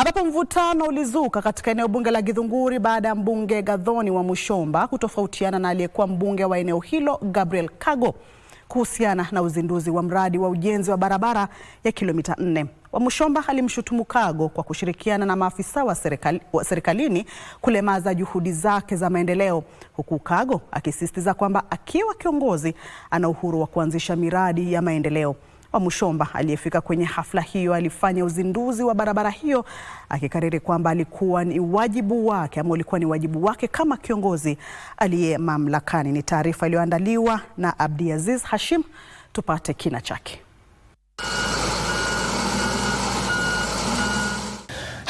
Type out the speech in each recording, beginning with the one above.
ambapo mvutano ulizuka katika eneo bunge la Githunguri baada ya mbunge Gathoni wa Mushomba kutofautiana na aliyekuwa mbunge wa eneo hilo Gabriel Kago kuhusiana na uzinduzi wa mradi wa ujenzi wa barabara ya kilomita nne. Wamushomba alimshutumu Kago kwa kushirikiana na maafisa wa serikali, wa serikalini kulemaza juhudi zake za maendeleo, huku Kago akisisitiza kwamba akiwa kiongozi ana uhuru wa kuanzisha miradi ya maendeleo wa Mushomba aliyefika kwenye hafla hiyo alifanya uzinduzi wa barabara hiyo akikariri kwamba alikuwa ni wajibu wake ama ulikuwa ni wajibu wake kama kiongozi aliye mamlakani. Ni taarifa iliyoandaliwa na Abdiaziz Hashim, tupate kina chake.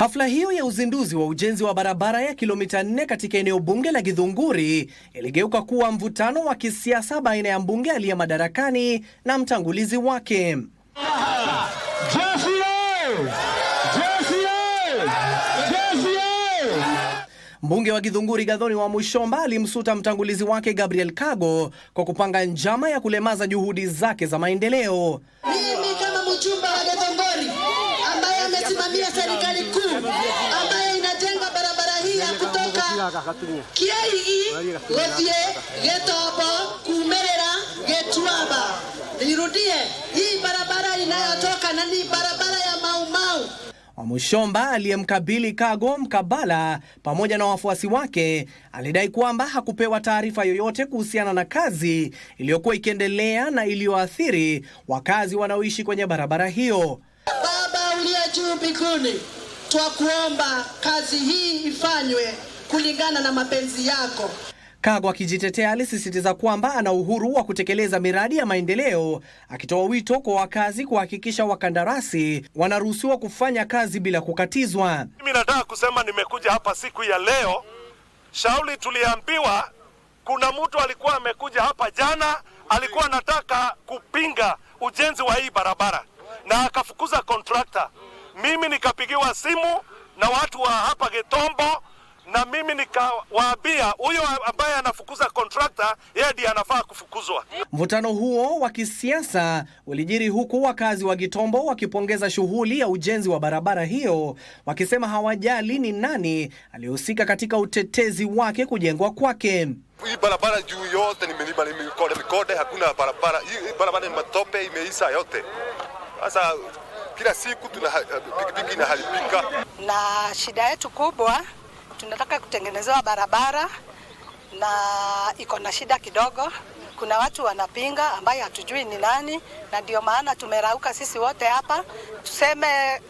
Hafla hiyo ya uzinduzi wa ujenzi wa barabara ya kilomita 4 katika eneo bunge la Githunguri iligeuka kuwa mvutano wa kisiasa baina ya mbunge aliye madarakani na mtangulizi wake. Mbunge wa Githunguri Gathoni wa Mushomba alimsuta mtangulizi wake Gabriel Kago kwa kupanga njama ya kulemaza juhudi zake za maendeleo. Mimi kama mchumba wa Githunguri ambaye amesimamia serikali kiarigi guthie getobo kumerera gituamba irudie hii barabara inayotoka na ni barabara ya maumau Wamushomba aliyemkabili Kago mkabala pamoja na wafuasi wake alidai kwamba hakupewa taarifa yoyote kuhusiana na kazi iliyokuwa ikiendelea na iliyoathiri wakazi wanaoishi kwenye barabara hiyo. Baba uliye juu mbinguni, twakuomba kazi hii ifanywe kulingana na mapenzi yako. Kagwe akijitetea alisisitiza kwamba ana uhuru wa kutekeleza miradi ya maendeleo, akitoa wito kwa wakazi kuhakikisha wakandarasi wanaruhusiwa kufanya kazi bila kukatizwa. Mimi nataka kusema nimekuja hapa siku ya leo, shauli tuliambiwa kuna mtu alikuwa amekuja hapa jana, alikuwa anataka kupinga ujenzi wa hii barabara na akafukuza kontrakta. Mimi nikapigiwa simu na watu wa hapa Getombo na mimi nikawaambia huyo ambaye anafukuza kontrakta yeye ndiye anafaa kufukuzwa. Mvutano huo wa kisiasa ulijiri huku wakazi wa Gitombo wakipongeza shughuli ya ujenzi wa barabara hiyo, wakisema hawajali ni nani aliyehusika katika utetezi wake kujengwa kwake. Hii barabara juu yote milima, ni mikode mikonde, hakuna barabara hii. Barabara ni matope, imeisa yote. Sasa kila siku tuna eh, pikipiki inaharibika, na shida yetu kubwa tunataka kutengenezewa barabara na iko na shida kidogo. Kuna watu wanapinga ambaye hatujui ni nani, na ndio maana tumerauka sisi wote hapa tuseme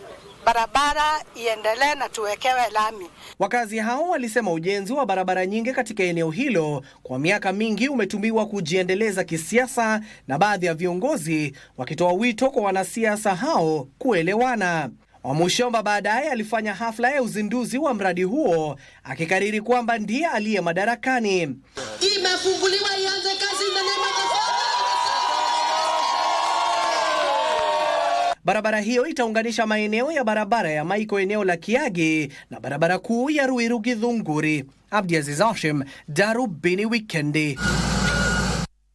barabara iendelee na tuwekewe lami. Wakazi hao walisema ujenzi wa barabara nyingi katika eneo hilo kwa miaka mingi umetumiwa kujiendeleza kisiasa, na baadhi ya viongozi wakitoa wito kwa wanasiasa hao kuelewana. Omushomba baadaye alifanya hafla ya uzinduzi wa mradi huo akikariri kwamba ndiye aliye madarakani. Imefunguliwa ianze kazi. Barabara hiyo itaunganisha maeneo ya barabara ya Maiko eneo la Kiagi na barabara kuu ya Ruiru Githunguri. Abdiaziz Hashim, Darubini Wikendi.